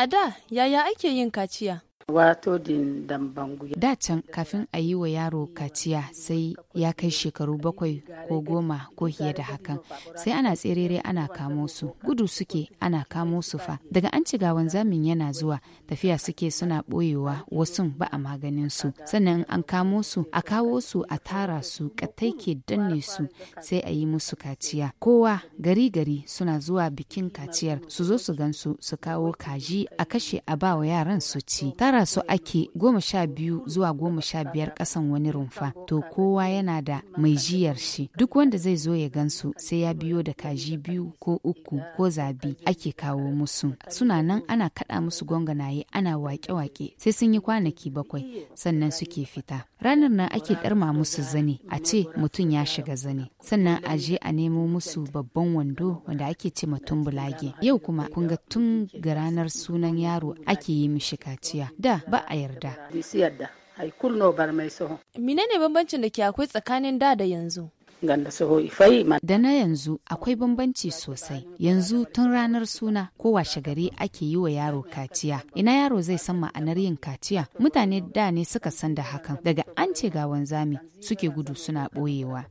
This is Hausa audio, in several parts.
A da, yaya ake yin kaciya? wato Da can kafin a yi wa yaro kaciya sai ya kai shekaru bakwai ko goma ko fiye da hakan sai ana tserere ana kamo su gudu suke ana kamo su fa daga an ci gawan zamin yana zuwa tafiya suke suna boyewa wasu ba a maganin su sannan an kamo su a kawo su a tara su katai ke danne su sai a yi musu kaciya kowa gari gari suna zuwa bikin kaciyar su zo su gansu su kawo kaji a kashe a ba wa yaran su ci tara tara su ake goma sha biyu zuwa goma sha biyar ƙasan wani rumfa to kowa yana da mai jiyar shi duk wanda zai zo ya gan su sai ya biyo da kaji biyu ko uku ko zabi ake kawo musu suna nan ana kaɗa musu gwangwanaye ana wake-wake sai sun yi kwanaki bakwai sannan suke fita ranar nan ake ɗarma musu zane a ce mutum ya shiga zane sannan a je a nemo musu babban wando wanda ake ce mutum bulage yau kuma kun tun ga ranar sunan yaro ake yi mishi kaciya yarda ba a yarda. Menene bambancin da ke akwai tsakanin da da yanzu? Da na yanzu akwai bambanci sosai. Yanzu tun ranar suna ko washe gari ake yi wa yaro kaciya. Ina yaro zai san ma'anar yin kaciya? Mutane da ne suka san da hakan. Daga an ce ga wanzami suke gudu suna ɓoyewa.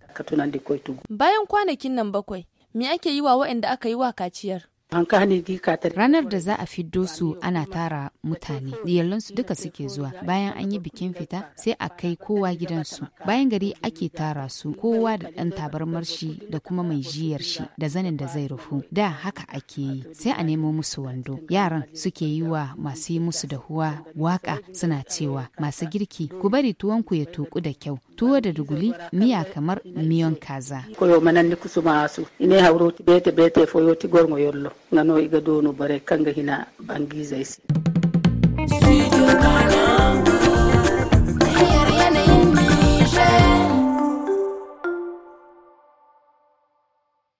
Bayan kwanakin nan bakwai, me ake yi wa waɗanda aka yi wa kaciyar? Ranar da za a fiddo su ana tara mutane, diyallansu duka suke zuwa. Bayan an yi bikin fita sai a kai kowa gidansu. Bayan gari ake tara su kowa da ɗan tabarmar shi da kuma mai jiyar shi da zanin da zai rufu. Da haka ake yi sai a nemo musu wando. Yaran suke yi wa masu yi musu dahuwa waka suna cewa masu girki ku bari tuwonku ya tuku da kyau. Tuwo da duguli miya kamar miyan kaza. Koyo manan nga ngano iga dono bare kanga hina bangiza isi